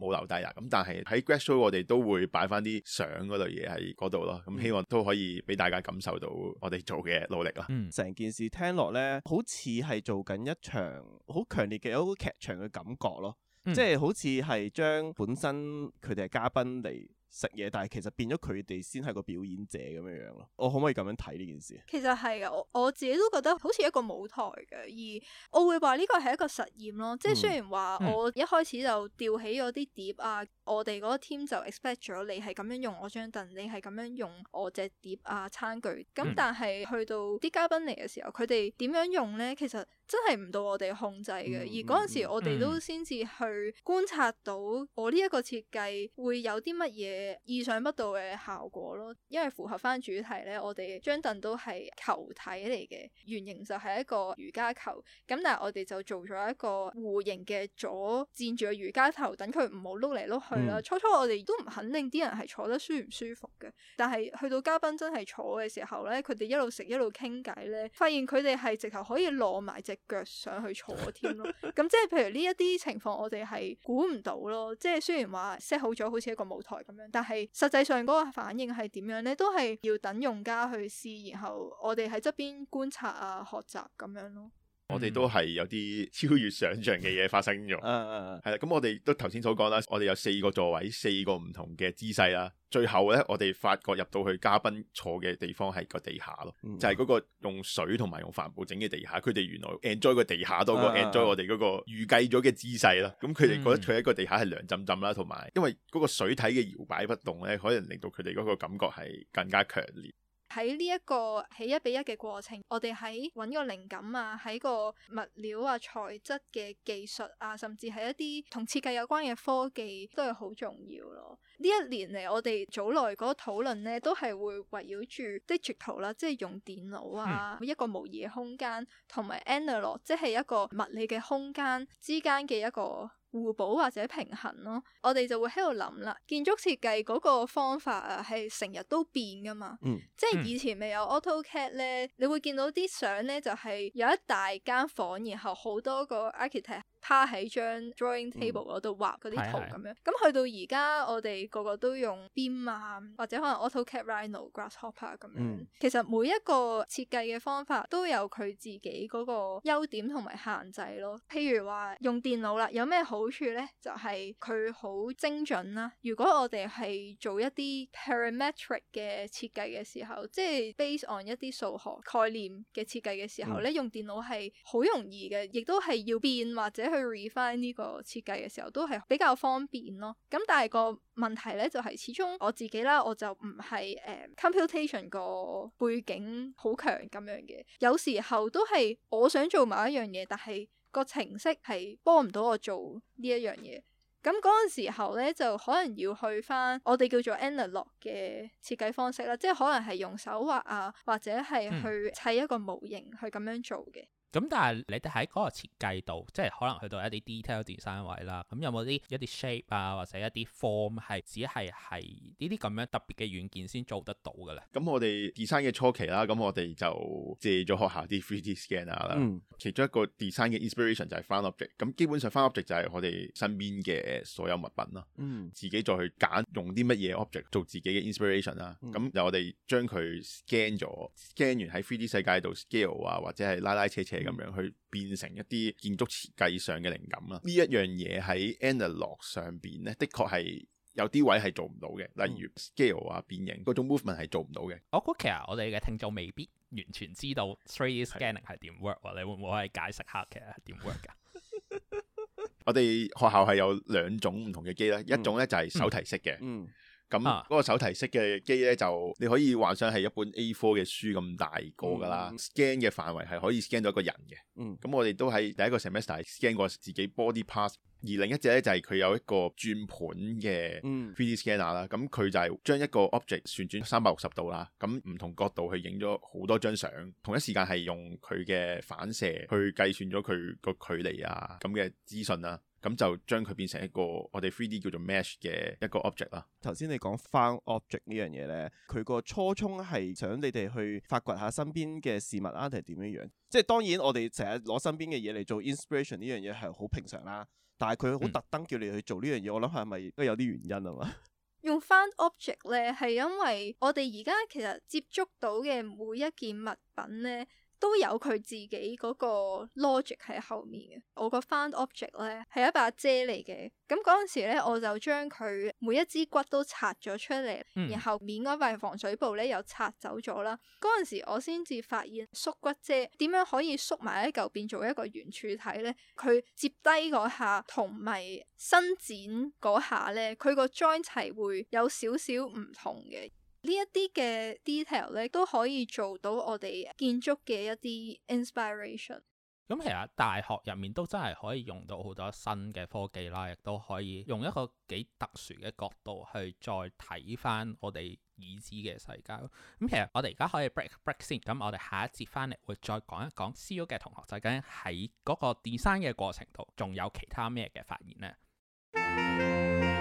冇留低啦。咁、嗯、但係喺 grad show 我哋都會擺翻啲相嗰類嘢喺嗰度咯，咁、嗯嗯、希望都可以俾大家感受到我哋做嘅努力咯。成件事聽落咧，好似係做緊一場好強烈嘅一個劇場嘅感覺咯，即係、嗯、好似係將本身佢哋嘅嘉賓嚟。食嘢，但係其實變咗佢哋先係個表演者咁樣樣咯。我可唔可以咁樣睇呢件事？其實係啊，我我自己都覺得好似一個舞台嘅，而我會話呢個係一個實驗咯。即係雖然話我一開始就吊起咗啲碟啊，嗯、我哋嗰個 team 就 expect 咗你係咁樣用我張凳，你係咁樣用我隻碟啊餐具。咁但係去到啲嘉賓嚟嘅時候，佢哋點樣用呢？其實～真係唔到我哋控制嘅，嗯、而嗰陣時我哋都先至去觀察到我呢一個設計會有啲乜嘢意想不到嘅效果咯。因為符合翻主題呢，我哋張凳都係球體嚟嘅，圓形就係一個瑜伽球。咁但係我哋就做咗一個弧形嘅座佔住個瑜伽球，等佢唔好碌嚟碌去啦。嗯、初初我哋都唔肯定啲人係坐得舒唔舒服嘅，但係去到嘉賓真係坐嘅時候呢，佢哋一路食一路傾偈呢，發現佢哋係直頭可以攞埋隻腳上去坐添咯，咁 *laughs* 即係譬如呢一啲情況，我哋係估唔到咯。即係雖然話 set 好咗好似一個舞台咁樣，但係實際上嗰個反應係點樣呢？都係要等用家去試，然後我哋喺側邊觀察啊、學習咁樣咯。我哋都係有啲超越想象嘅嘢發生咗，係啦、啊。咁、啊、我哋都頭先所講啦，我哋有四個座位，四個唔同嘅姿勢啦。最後呢，我哋發覺入到去嘉賓坐嘅地方係個地下咯，就係、是、嗰個用水同埋用帆布整嘅地下。佢哋原來 enjoy 個地下多過 enjoy、啊啊、我哋嗰個預計咗嘅姿勢啦。咁佢哋覺得佢喺個地下係涼浸浸啦，同埋因為嗰個水體嘅搖擺不動呢，可能令到佢哋嗰個感覺係更加強烈。喺呢一個喺一比一嘅過程，我哋喺揾個靈感啊，喺個物料啊、材質嘅技術啊，甚至係一啲同設計有關嘅科技都係好重要咯。呢一年嚟，我哋早來嗰個討論咧，都係會圍繞住 digital 啦，即係用電腦啊，一個模擬嘅空間，同埋 a n a l o g u 即係一個物理嘅空間之間嘅一個互補或者平衡咯，我哋就會喺度諗啦。建築設計嗰個方法啊，係成日都變㗎嘛。 *noise* 即係以前未有 AutoCAD 咧，你會見到啲相咧，就係、是、有一大間房，然後好多個 architect。趴喺張 drawing table 度畫嗰啲圖咁樣，咁去、嗯、到而家我哋個個都用 beam 啊，或者可能 AutoCAD、Rhino、Grasshopper 咁樣。嗯、其實每一個設計嘅方法都有佢自己嗰個優點同埋限制咯。譬如話用電腦啦，有咩好處呢？就係佢好精準啦。如果我哋係做一啲 parametric 嘅設計嘅時候，即係 base on 一啲數學概念嘅設計嘅時候咧，嗯、用電腦係好容易嘅，亦都係要變或者。去 refine 呢個設計嘅時候都係比較方便咯，咁但係個問題呢，就係、是、始終我自己啦，我就唔係誒，computation 個背景好強咁樣嘅，有時候都係我想做某一樣嘢，但係個程式係幫唔到我做呢一樣嘢，咁嗰個時候呢，就可能要去返我哋叫做 analog 嘅設計方式啦，即係可能係用手畫啊，或者係去砌一個模型去咁樣做嘅。嗯咁但係你哋喺個設計度，即係可能去到一啲 detail design 位啦，咁、嗯嗯嗯、有冇啲一啲 shape 啊，或者一啲 form 係只係係呢啲咁樣特別嘅軟件先做得到嘅咧？咁我哋 design 嘅初期啦，咁我哋就借咗學校啲 3D scanner 啦，嗯、其中一個 design 嘅 inspiration 就係 found object，咁基本上 found object 就係我哋身邊嘅所有物品啦，嗯，自己再去揀用啲乜嘢 object 做自己嘅 inspiration 啦，咁由、嗯、我哋將佢 scan 咗，scan 完喺 3D 世界度 scale 啊，或者係拉拉扯扯。咁樣去變成一啲建築設計上嘅靈感啦，呢一樣嘢喺 Analog 上邊咧，的確係有啲位係做唔到嘅，例如 scale 啊、變形嗰種 movement 係做唔到嘅、哦啊。我估其實我哋嘅聽眾未必完全知道 3D scanning 係點 work，你會唔會可以解釋下其實係點 work 噶？ *laughs* 我哋學校係有兩種唔同嘅機啦，嗯、一種咧就係手提式嘅。嗯嗯咁嗰個手提式嘅機咧，就你可以幻想係一本 A4 嘅書咁大個噶啦。嗯、scan 嘅範圍係可以 scan 到一個人嘅。咁、嗯、我哋都喺第一個 semester scan 過自己 body parts，而另一隻咧就係、是、佢有一個轉盤嘅 3D scanner 啦、嗯。咁佢就係將一個 object 旋轉三百六十度啦，咁唔同角度去影咗好多張相，同一時間係用佢嘅反射去計算咗佢個距離啊咁嘅、嗯、資訊啦。咁就將佢變成一個我哋 3D 叫做 mesh 嘅一個 object 啦。頭先你講 found object 呢樣嘢咧，佢個初衷係想你哋去發掘下身邊嘅事物啊，定係點樣樣？即係當然我哋成日攞身邊嘅嘢嚟做 inspiration 呢樣嘢係好平常啦，但係佢好特登叫你去做呢樣嘢，嗯、我諗下係咪都有啲原因啊嘛？用 found object 咧，係因為我哋而家其實接觸到嘅每一件物品咧。都有佢自己嗰個 logic 喺後面嘅。我個 found object 呢係一把遮嚟嘅。咁嗰陣時咧，我就將佢每一支骨都拆咗出嚟，嗯、然後面嗰塊防水布呢又拆走咗啦。嗰陣時我先至發現縮骨遮點樣可以縮埋一嚿變做一個圓柱體呢？佢接低嗰下同埋伸展嗰下呢，佢個 joint 係會有少少唔同嘅。呢一啲嘅 detail 咧，都可以做到我哋建築嘅一啲 inspiration。咁其實大學入面都真係可以用到好多新嘅科技啦，亦都可以用一個幾特殊嘅角度去再睇翻我哋已知嘅世界。咁其實我哋而家可以 break break 先，咁我哋下一節翻嚟會再講一講。C U 嘅同學仔究竟喺嗰個 design 嘅過程度，仲有其他咩嘅發現呢？ *music*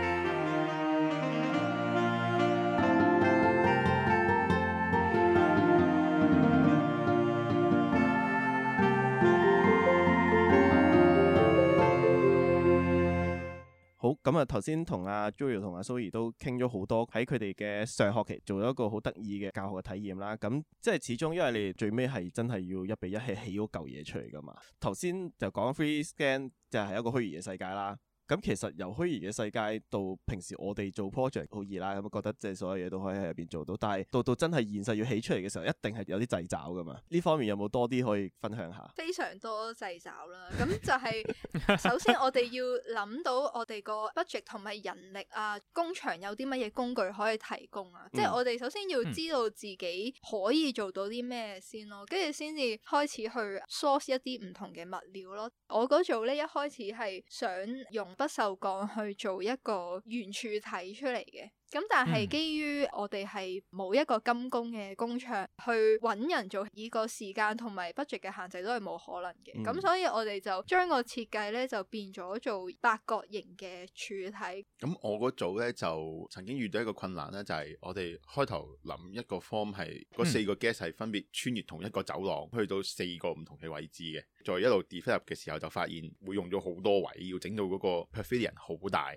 好，咁啊，頭先同阿 Julio 同阿 Zoe 都傾咗好多，喺佢哋嘅上學期做咗一個好得意嘅教學嘅體驗啦。咁即係始終，因為你最尾係真係要一比一係起嗰嚿嘢出嚟㗎嘛。頭先就講 3D Scan 就係一個虛擬嘅世界啦。咁其實由虛擬嘅世界到平時我哋做 project 好易啦，咁覺得即係所有嘢都可以喺入邊做到。但係到到真係現實要起出嚟嘅時候，一定係有啲掣肘㗎嘛。呢方面有冇多啲可以分享下？非常多掣肘啦。咁 *laughs* 就係首先我哋要諗到我哋個 budget 同埋人力啊，工場有啲乜嘢工具可以提供啊？即係、嗯、我哋首先要知道自己可以做到啲咩先咯，跟住先至開始去 source 一啲唔同嘅物料咯。我嗰組咧一開始係想用。不銹鋼去做一個圓柱體出嚟嘅。咁但係基於我哋係冇一個金工嘅工場去揾人做，以個時間同埋 budget 嘅限制都係冇可能嘅。咁、嗯、所以我哋就將個設計呢就變咗做八角形嘅柱體。咁我嗰組呢，就曾經遇到一個困難呢就係、是、我哋開頭諗一個 form 係、嗯、嗰四個 guest 分別穿越同一個走廊去到四個唔同嘅位置嘅，再一路 develop 嘅時候就發現會用咗好多位，要整到嗰個 perforation 好大。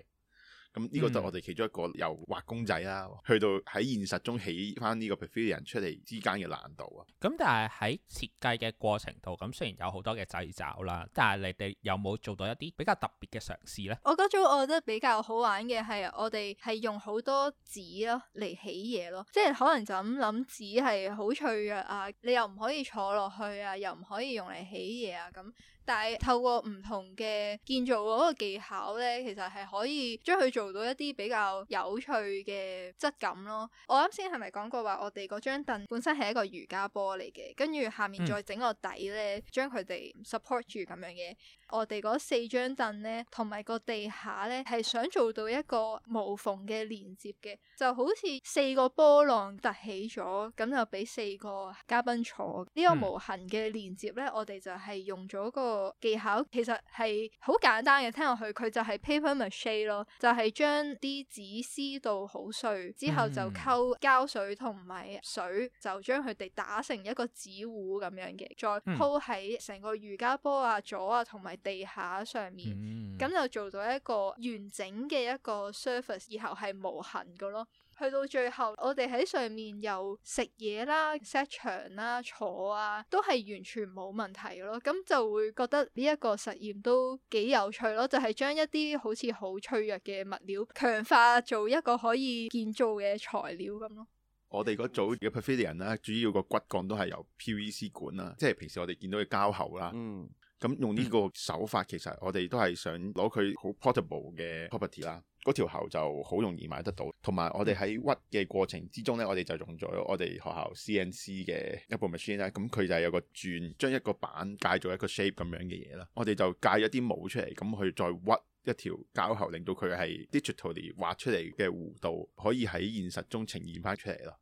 咁呢、嗯、個就我哋其中一個由畫公仔啦、啊，去到喺現實中起翻呢個 pavilion 出嚟之間嘅難度啊！咁、嗯、但係喺設計嘅過程度，咁、嗯、雖然有好多嘅掣肘啦，但係你哋有冇做到一啲比較特別嘅嘗試呢？我嗰種我覺得比較好玩嘅係我哋係用好多紙咯嚟起嘢咯，即係可能就咁諗紙係好脆弱啊，你又唔可以坐落去啊，又唔可以用嚟起嘢啊咁。但係透過唔同嘅建造嗰個技巧呢，其實係可以將佢做到一啲比較有趣嘅質感咯。我啱先係咪講過話，我哋嗰張凳本身係一個瑜伽波嚟嘅，跟住下面再整個底呢，將佢哋 support 住咁樣嘅。我哋嗰四張凳咧，同埋個地下咧，係想做到一個無縫嘅連接嘅，就好似四個波浪凸起咗，咁就俾四個嘉賓坐。呢、這個無痕嘅連接咧，我哋就係用咗個技巧，其實係好簡單嘅。聽落去佢就係 paper mâché 咯，就係、是、將啲紙撕到好碎，之後就溝膠水同埋水，就將佢哋打成一個紙糊咁樣嘅，再鋪喺成個瑜伽波啊咗啊同埋。地下上，上面咁、嗯、就做到一個完整嘅一個 surface，以後係無痕嘅咯。去到最後，我哋喺上面又食嘢啦、set 場啦、坐啊，都係完全冇問題嘅咯。咁就會覺得呢一個實驗都幾有趣咯，就係、是、將一啲好似好脆弱嘅物料強化做一個可以建造嘅材料咁咯。我哋嗰組嘅 pavilion 啦，主要個骨幹都係由 PVC 管啦，即係平時我哋見到嘅膠喉啦。嗯咁、嗯、用呢個手法，其實我哋都係想攞佢好 portable 嘅 property 啦。嗰條喉就好容易買得到，同埋我哋喺屈嘅過程之中呢，我哋就用咗我哋學校 CNC 嘅一部 machine 啦。咁佢、嗯、就係有個轉，將一個板介做一個 shape 咁樣嘅嘢啦。我哋就介咗啲模出嚟，咁佢再屈一條膠喉，令到佢係 digitally 畫出嚟嘅弧度，可以喺現實中呈現翻出嚟咯。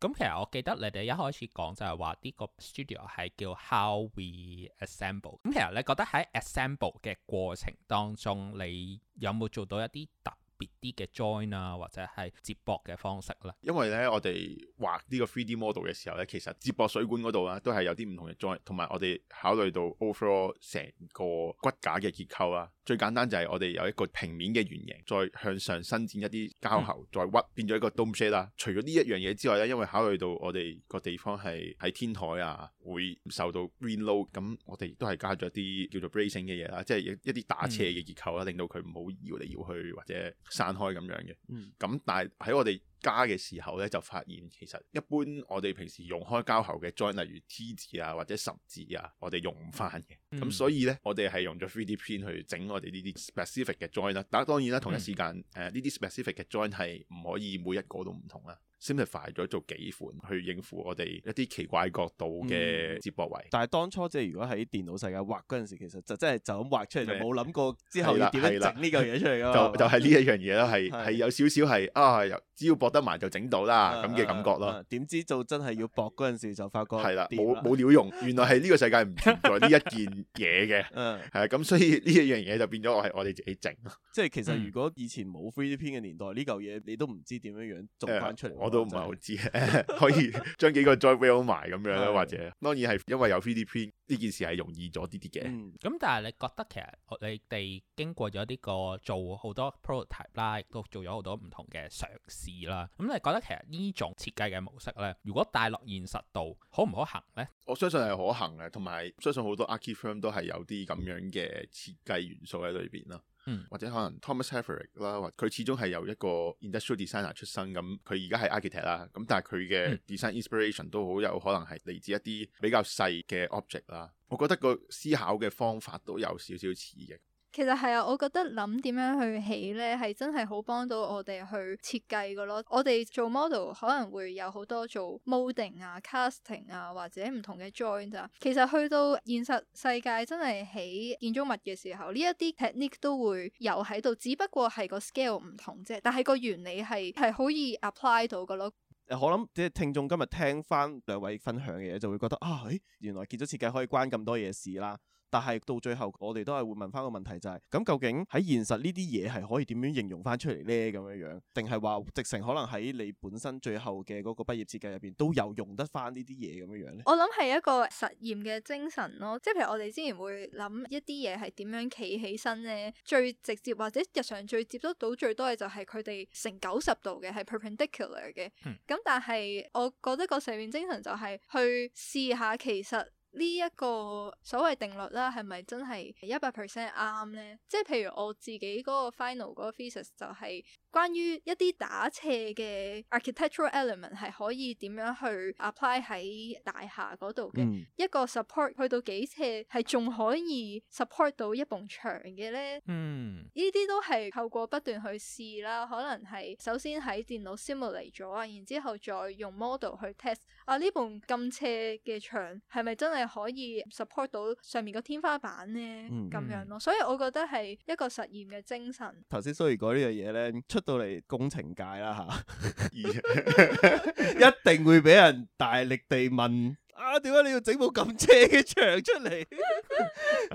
咁其實我記得你哋一開始講就係話呢個 studio 係叫 How We Assemble。咁其實你覺得喺 assemble 嘅過程當中，你有冇做到一啲特別？啲嘅 join 啊，或者係接駁嘅方式啦，因為咧我哋畫呢個 3D model 嘅時候咧，其實接駁水管嗰度啊，都係有啲唔同嘅 join，同埋我哋考慮到 overall 成個骨架嘅結構啊，最簡單就係我哋有一個平面嘅圓形，再向上伸展一啲膠喉，再屈變咗一個 dome shape 啦。除咗呢一樣嘢之外咧，因為考慮到我哋個地方係喺天台啊，會受到 rain load，咁我哋都係加咗啲叫做 bracing 嘅嘢啦，即係一啲打斜嘅結構啦，令到佢唔好搖嚟搖去或者開咁樣嘅，咁、嗯、但係喺我哋加嘅時候咧，就發現其實一般我哋平時用開膠喉嘅，join，例如 T 字啊或者十字啊，我哋用唔翻嘅。咁所以咧，我哋係用咗 3D pen 去整我哋呢啲 specific 嘅 join 啦。但當然啦，同一時間誒呢啲 specific 嘅 join 係唔可以每一個都唔同啊。simplify 咗做幾款去應付我哋一啲奇怪角度嘅接駁位。但係當初即係如果喺電腦世界畫嗰陣時，其實就真係就咁畫出嚟，就冇諗過之後點嚟整呢嚿嘢出嚟噶，就就係呢一樣嘢啦，係係有少少係啊，只要駁得埋就整到啦，咁嘅感覺咯。點知做真係要駁嗰陣時就發覺係啦，冇冇料用，原來係呢個世界唔存在呢一件。嘢嘅、嗯， *noise* 嗯，係啊，咁所以呢一樣嘢就變咗我係我哋自己整，即係其實如果以前冇 3D 片嘅年代，呢嚿嘢你都唔知點樣樣做翻出嚟、嗯。我都唔係好知 *laughs* *laughs* 可以將幾個再 o i 埋咁樣啦，的或者當然係因為有 3D 片呢件事係容易咗啲啲嘅。嗯，咁但係你覺得其實你哋經過咗呢個做好多 prototype 啦，亦都做咗好多唔同嘅嘗試啦。咁你覺得其實呢種設計嘅模式咧，如果帶落現實度好好，可唔可行咧？我相信係可行嘅，同埋相信好多 archi firm 都係有啲咁樣嘅設計元素喺裏邊咯。嗯，或者可能 Thomas Heatherwick 啦，佢始終係由一個 industrial designer 出身，咁佢而家係 architect 啦，咁但係佢嘅 design inspiration 都好有可能係嚟自一啲比較細嘅 object 啦。我覺得個思考嘅方法都有少少似嘅。其實係啊，我覺得諗點樣去起咧，係真係好幫到我哋去設計噶咯。我哋做 model 可能會有好多做 moulding 啊、casting 啊或者唔同嘅 joint 啊。其實去到現實世界真係起建築物嘅時候，呢一啲 technique 都會有喺度，只不過係個 scale 唔同啫。但係個原理係係可以 apply 到噶咯。我諗即啲聽眾今日聽翻兩位分享嘅嘢，就會覺得啊，誒，原來建築設計可以關咁多嘢事啦。但係到最後，我哋都係會問翻個問題，就係，就係咁究竟喺現實呢啲嘢係可以點樣形容翻出嚟呢？咁樣樣，定係話直情可能喺你本身最後嘅嗰個畢業設計入邊都有用得翻呢啲嘢咁樣樣呢？我諗係一個實驗嘅精神咯，即係譬如我哋之前會諗一啲嘢係點樣企起身呢？最直接或者日常最接得到最多嘅就係佢哋成九十度嘅係 perpendicular 嘅。Per 嗯。咁但係我覺得個實驗精神就係去試下其實。呢一個所謂定律啦，係咪真係一百 percent 啱咧？即係譬如我自己嗰個 final 嗰個 thesis 就係、是。關於一啲打斜嘅 architectural element 係可以點樣去 apply 喺大廈嗰度嘅一個 support，去到幾斜係仲可以 support 到一埲牆嘅咧？呢啲、嗯、都係透過不斷去試啦。可能係首先喺電腦 simulate 咗，然之後再用 model 去 test，啊呢埲咁斜嘅牆係咪真係可以 support 到上面個天花板咧？咁、嗯、樣咯，所以我覺得係一個實驗嘅精神。頭先 Zoe 講呢樣嘢咧出到嚟工程界啦吓，啊、 *laughs* *laughs* 一定會俾人大力地問啊！點解你要整部咁斜嘅牆出嚟？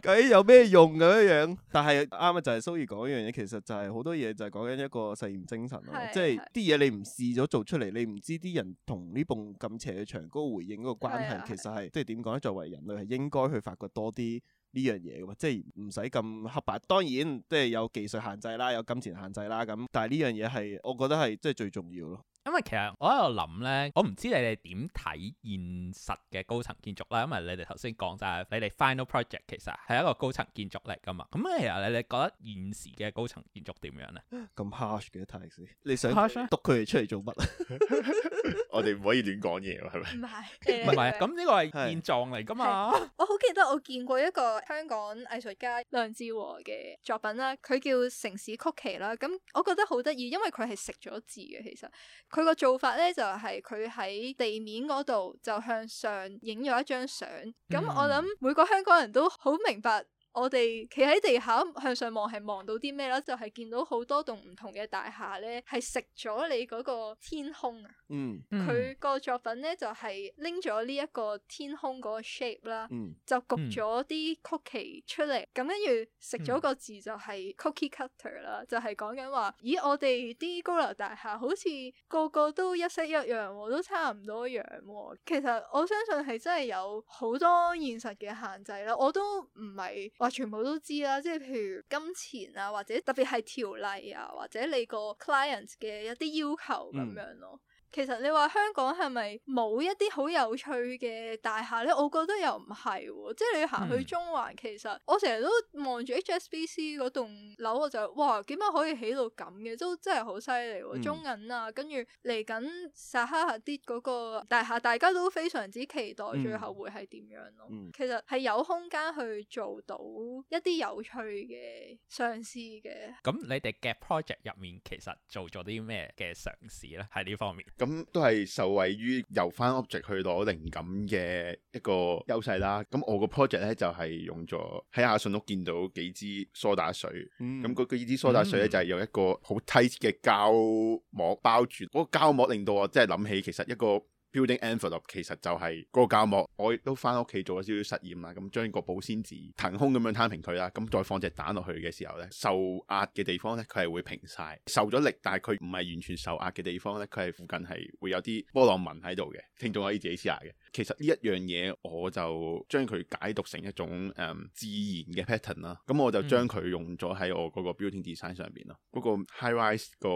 究竟 *laughs* 有咩用咁樣，但係啱啱就係蘇怡講一樣嘢，其實就係、是、好多嘢就係講緊一個實驗精神咯。即係啲嘢你唔試咗做出嚟，你唔知啲人同呢部咁斜嘅牆嗰個回應嗰個關係，其實係即係點講咧？作為人類係應該去發掘多啲。呢樣嘢嘅嘛，即係唔使咁黑白。當然，即係有技術限制啦，有金錢限制啦咁。但係呢樣嘢係，我覺得係即係最重要囉。因為其實我喺度諗咧，我唔知你哋點睇現實嘅高層建築啦。因為你哋頭先講就係你哋 final project 其實係一個高層建築嚟噶嘛。咁其實你哋覺得現時嘅高層建築點樣咧？咁 harsh 嘅泰斯，你想讀佢哋出嚟做乜？我哋唔可以亂講嘢喎，係咪？唔係是，唔係咁，呢個係現狀嚟噶嘛？是 *laughs* 我好記得我見過一個香港藝術家梁志和嘅作品啦，佢叫城市曲奇啦。咁我覺得好得意，因為佢係食咗字嘅，其實。佢個做法咧就係佢喺地面嗰度就向上影咗一張相，咁、嗯嗯、我諗每個香港人都好明白。我哋企喺地下向上望，係望到啲咩咧？就係、是、見到好多棟唔同嘅大廈呢，係食咗你嗰個天空啊！佢個、嗯嗯、作品呢，就係拎咗呢一個天空嗰個 shape 啦，嗯嗯、就焗咗啲 cookie 出嚟。咁跟住食咗個字就係 cookie cutter 啦，嗯、就係講緊話：咦，我哋啲高樓大廈好似個個都一式一樣，都差唔多一樣喎、啊。其實我相信係真係有好多現實嘅限制啦。我都唔係。話全部都知啦，即係譬如金錢啊，或者特別係條例啊，或者你個 client 嘅一啲要求咁樣咯。嗯其實你話香港係咪冇一啲好有趣嘅大廈呢？我覺得又唔係喎，即係你行去中環，嗯、其實我成日都望住 HSBC 嗰棟樓，我就哇點解可以起到咁嘅？都真係好犀利喎！嗯、中銀啊，跟住嚟緊撒哈哈啲嗰個大廈，大家都非常之期待，最後會係點樣咯？嗯嗯、其實係有空間去做到一啲有趣嘅嘗試嘅。咁你哋嘅 project 入面其實做咗啲咩嘅嘗試呢？喺呢方面。咁都係受惠於由翻 object 去攞靈感嘅一個優勢啦。咁我個 project 呢，就係、是、用咗喺阿信屋見到幾支梳打水。咁佢呢支梳打水呢，就係、是、由一個好 tight 嘅膠膜包住。嗰、那個膠膜令到我真係諗起其實一個。Building envelope 其實就係個膠膜，我亦都翻屋企做咗少少實驗啦。咁將個保鮮紙騰空咁樣攤平佢啦，咁再放隻蛋落去嘅時候呢，受壓嘅地方呢，佢係會平晒，受咗力，但係佢唔係完全受壓嘅地方呢，佢係附近係會有啲波浪紋喺度嘅。聽眾可以自己試下嘅。其實呢一樣嘢，我就將佢解讀成一種誒、嗯、自然嘅 pattern 啦。咁、嗯、我就將佢用咗喺我嗰個 building design 上邊咯。嗰、嗯、個 high rise 個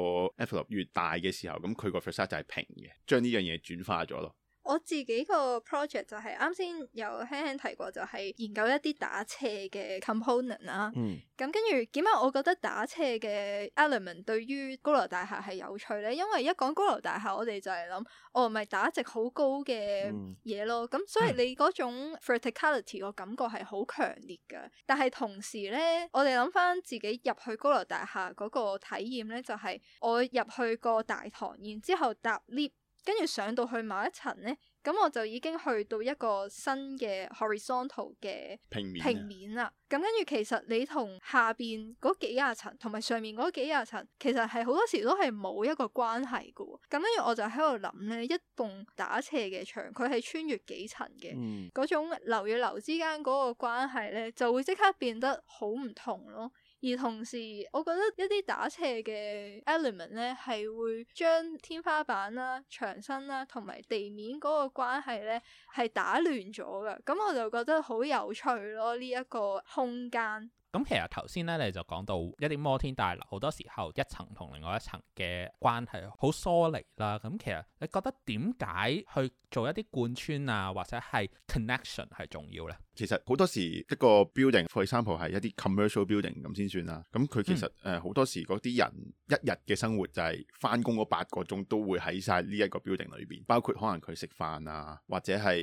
enclosure 越大嘅時候，咁佢個 facade 就係平嘅，將呢樣嘢轉化咗咯。我自己個 project 就係啱先有輕輕提過，就係研究一啲打斜嘅 component 啦、嗯。咁跟住點解我覺得打斜嘅 element 對於高樓大廈係有趣呢？因為一講高樓大廈，我哋就係諗，唔、哦、咪、就是、打直好高嘅嘢咯。咁、嗯、所以你嗰種 verticality 個感覺係好強烈㗎。但係同時呢，我哋諗翻自己入去高樓大廈嗰個體驗咧，就係、是、我入去個大堂，然之後搭 lift。跟住上到去某一層呢，咁我就已經去到一個新嘅 horizontal 嘅平面平面啦。咁跟住其實你同下邊嗰幾廿層，同埋上面嗰幾廿層，其實係好多時都係冇一個關係嘅。咁跟住我就喺度諗呢一棟打斜嘅牆，佢係穿越幾層嘅，嗰、嗯、種樓與樓之間嗰個關係呢，就會即刻變得好唔同咯。而同時，我覺得一啲打斜嘅 element 呢係會將天花板啦、牆身啦同埋地面嗰個關係呢係打亂咗㗎。咁我就覺得好有趣咯，呢一個空間。咁其實頭先咧，你就講到一啲摩天大樓，好多時候一層同另外一層嘅關係好疏離啦。咁其實你覺得點解去做一啲貫穿啊，或者係 connection 係重要咧？其實好多時一個 building，for example 係一啲 commercial building 咁先算啦。咁佢其實誒好、嗯呃、多時嗰啲人一日嘅生活就係返工嗰八個鐘都會喺晒呢一個 building 裏邊，包括可能佢食飯啊，或者係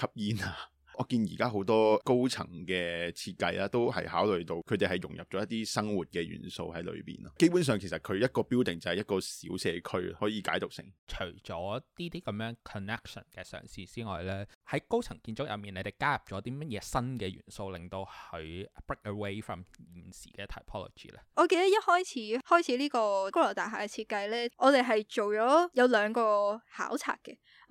吸煙啊。我見而家好多高層嘅設計啦、啊，都係考慮到佢哋係融入咗一啲生活嘅元素喺裏邊咯。基本上，其實佢一個 building 就係一個小社區，可以解讀成。除咗呢啲咁樣 connection 嘅嘗試之外呢，喺高層建築入面，你哋加入咗啲乜嘢新嘅元素，令到佢 break away from 現時嘅 typology 呢？我記得一開始開始呢個高樓大廈嘅設計呢，我哋係做咗有兩個考察嘅。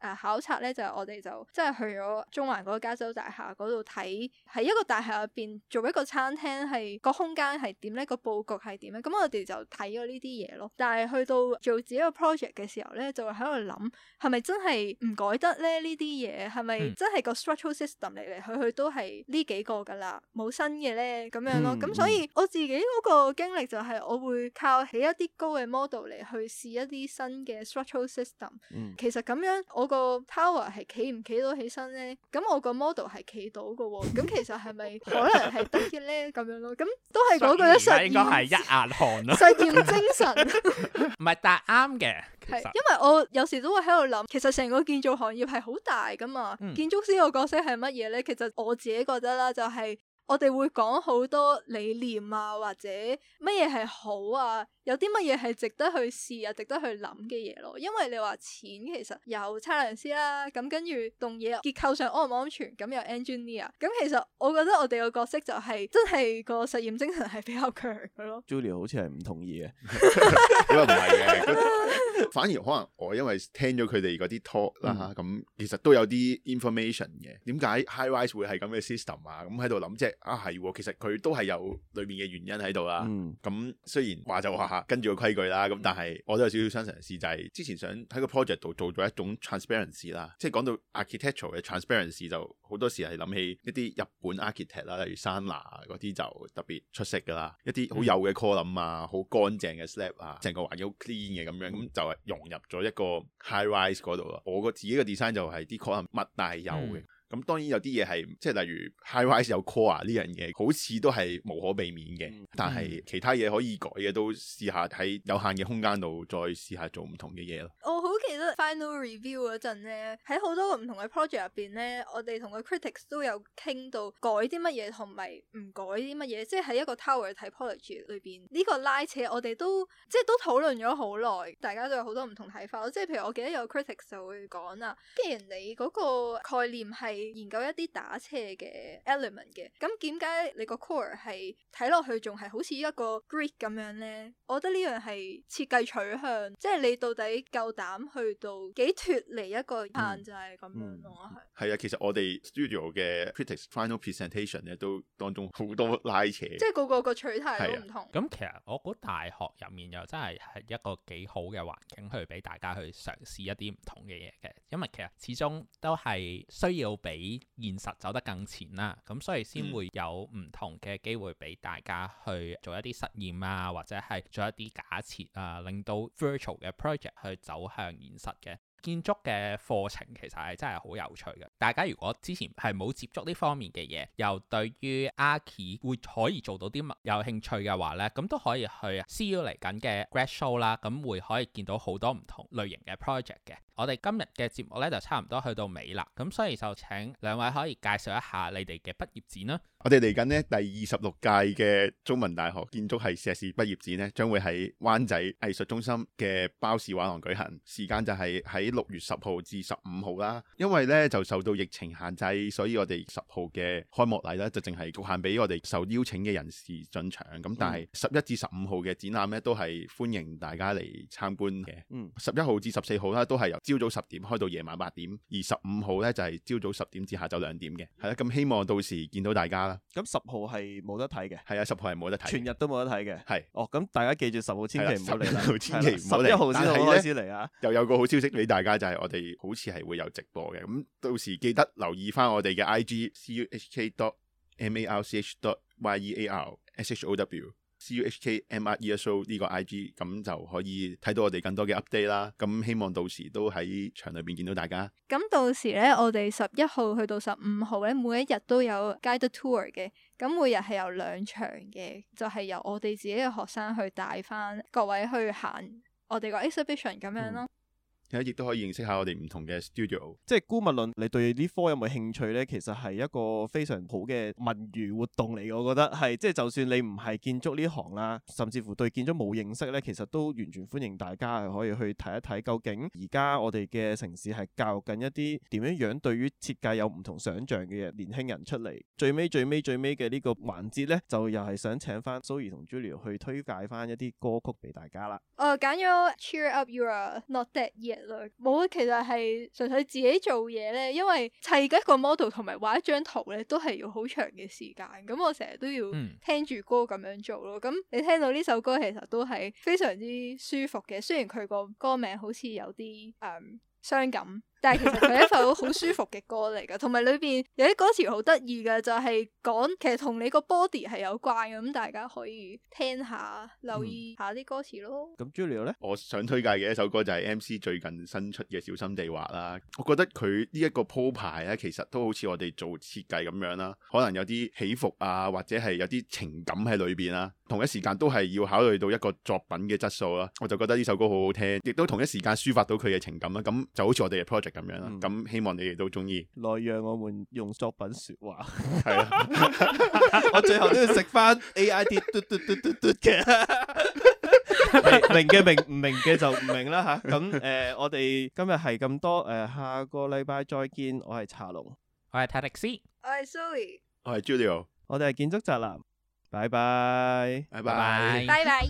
誒、啊、考察咧就係、是、我哋就即係去咗中環嗰個加州大廈嗰度睇喺一個大廈入邊做一個餐廳係個空間係點咧，個佈局係點咧，咁我哋就睇咗呢啲嘢咯。但係去到做自己個 project 嘅時候咧，就會喺度諗係咪真係唔改得咧，呢啲嘢係咪真係個 structural system 嚟嚟去去都係呢幾個㗎啦，冇新嘅咧，咁樣咯。咁、嗯、所以我自己嗰個經歷就係我會靠起一啲高嘅 model 嚟去試一啲新嘅 structural system。嗯、其實咁樣我。個 tower 係企唔企到起身咧？咁我個 model 係企到嘅喎，咁其實係咪可能係得嘅咧？咁樣咯，咁都係嗰個應該係一額汗實驗精神，唔係，但啱嘅，係，因為我有時都會喺度諗，其實成個建造行業係好大噶嘛嗯、建築師個角色係乜嘢？咧，其實我自己覺得啦，就係、是。我哋會講好多理念啊，或者乜嘢係好啊，有啲乜嘢係值得去試啊，值得去諗嘅嘢咯。因為你話錢其實有測量師啦、啊，咁跟住動嘢結構上安唔安全、啊，咁有 engineer、啊。咁其實我覺得我哋嘅角色就係、是、真係個實驗精神係比較強嘅咯。Julio 好似係唔同意嘅，因為唔係嘅，反而可能我因為聽咗佢哋嗰啲 talk 啦、嗯，咁、啊、其實都有啲 information 嘅。點解 high rise 會係咁嘅 system 啊？咁喺度諗即啊，係，其實佢都係有裏面嘅原因喺度啦。咁、嗯嗯、雖然話就話吓跟住個規矩啦，咁、嗯、但係我都有少少嘗試就係、試、之前想喺個 project 度做咗一種 transparency 啦。即係講到 architectural 嘅 transparency，就好多時係諗起一啲日本 architect 啦，例如山拿嗰啲就特別出色㗎啦。一啲好幼嘅 column 啊，好乾淨嘅 slab 啊，成個環境好 clean 嘅咁樣，咁、嗯、就係融入咗一個 high rise 嗰度啦。我個自己嘅 design 就係啲 column 密但係幼嘅。嗯。咁當然有啲嘢，係即係例如 high rise 有 core 啊，呢樣嘢，好似都係無可避免嘅。嗯、但係其他嘢可以改嘅，都試下喺有限嘅空間度再試下做唔同嘅嘢咯。哦，好奇。Final review 陣咧，喺好多唔同嘅 project 入邊咧，我哋同個 critics 都有傾到改啲乜嘢，同埋唔改啲乜嘢，即係喺一個 tower typology 裏邊呢、呢個拉扯我，我哋都即係都討論咗好耐，大家都有好多唔同睇法咯。即係譬如我記得有個 critics 就會講啦，既然你嗰個概念係研究一啲打斜嘅 element 嘅，咁點解你個 core 係睇落去仲係好似一個 grid 咁樣咧？我覺得呢樣係設計取向，即係你到底夠膽去。幾脱離一個限，限、嗯、就係咁樣咯，係、嗯。啊是，其實我哋 studio 嘅 critics final presentation 咧，都當中好多拉扯。即係個個個取態都唔同。咁的其實我估大學入面又真係係一個幾好嘅環境，去俾大家去嘗試一啲唔同嘅嘢嘅。因為其實始終都係需要比現實走得更前啦，咁所以先會有唔同嘅機會俾大家去做一啲實驗啊，或者係做一啲假設啊，令到 virtual 嘅 project 去走向現實。嘅建築嘅課程其實係真係好有趣嘅。大家如果之前係冇接觸呢方面嘅嘢，又對於 Archi 會可以做到啲乜，有興趣嘅話呢，咁都可以去 CU 嚟緊嘅 Grad Show 啦。咁會可以見到好多唔同類型嘅 project 嘅。我哋今日嘅節目咧就差唔多去到尾啦，咁所以就請兩位可以介紹一下你哋嘅畢業展啦。我哋嚟緊呢，第二十六屆嘅中文大學建築系碩士畢業展呢，將會喺灣仔藝術中心嘅包氏畫廊舉行，時間就係喺六月十號至十五號啦。因為呢就受到疫情限制，所以我哋十號嘅開幕禮呢，就淨係局限俾我哋受邀請嘅人士進場，咁但係十一至十五號嘅展覽呢，都係歡迎大家嚟參觀嘅。嗯，十一號至十四號啦，都係由朝早十點開到夜晚八點，而十五號咧就係、是、朝早十點至下晝兩點嘅，係啦。咁、嗯、希望到時見到大家啦。咁十號係冇得睇嘅，係啊，十號係冇得睇，全日都冇得睇嘅，係的。哦，咁大家記住十號千祈唔好嚟啦，千祈唔好嚟。 *laughs* 十一號先開始嚟啊！ *laughs* 呢 *laughs* 又有個好消息俾大家，就係、是、我哋好似係會有直播嘅。咁、嗯、到時記得留意翻我哋嘅 I G C U H K dot M A R C H dot Y E A R S H O W。Cuhkmireso 呢個 IG 咁就可以睇到我哋更多嘅 update 啦。咁希望到時都喺場裏邊見到大家。咁到時咧，我哋十一號去到十五號咧，每一日都有 guided tour 嘅。咁每日係有兩場嘅，就係、是、由我哋自己嘅學生去帶翻各位去行我哋個 exhibition 咁樣咯。嗯亦都可以認識下我哋唔同嘅 studio。即係估物論，你對呢科有冇興趣咧？其實係一個非常好嘅文娛活動嚟嘅，我覺得係即係就算你唔係建築呢行啦，甚至乎對建築冇認識咧，其實都完全歡迎大家係可以去睇一睇，究竟而家我哋嘅城市係教育緊一啲點樣樣對於設計有唔同想像嘅年輕人出嚟。最尾最尾最尾嘅呢個環節咧，就又係想請翻 Zoe 同 Julio 去推介翻一啲歌曲俾大家啦。誒，揀咗《Cheer Up, You're Not Dead Yet》。冇啊，其實係純粹自己做嘢咧，因為砌一個 model 同埋畫一張圖咧，都係要好長嘅時間。咁我成日都要聽住歌咁樣做咯。咁、嗯、你聽到呢首歌，其實都係非常之舒服嘅。雖然佢個歌名好似有啲誒傷感。 *laughs* 但係其實佢係一首好舒服嘅歌嚟噶，同埋裏邊有啲歌詞好得意嘅就係、是、講其實同你個 body 係有關嘅，咁大家可以聽下留意下啲歌詞咯。咁 Julio 咧，呢我想推介嘅一首歌就係 MC 最近新出嘅《小心地滑》啦。我覺得佢呢一個鋪排咧、啊，其實都好似我哋做設計咁樣啦，可能有啲起伏啊，或者係有啲情感喺裏邊啦。同一時間都係要考慮到一個作品嘅質素啦。我就覺得呢首歌好好聽，亦都同一時間抒發到佢嘅情感啦。咁就好似我哋嘅 project。咁樣啦，咁希望你哋都中意。來讓我們用作品說話，係啦。我最後都要食翻 AID 嘟嘟嘟嘟嘟嘅。明嘅明，唔明嘅就唔明啦吓。咁誒，我哋今日係咁多，誒，下個禮拜再見。我係茶龍，我係泰迪斯，我係 Zoe，我係 Julio，我哋係建築宅男。拜拜，拜拜，拜拜。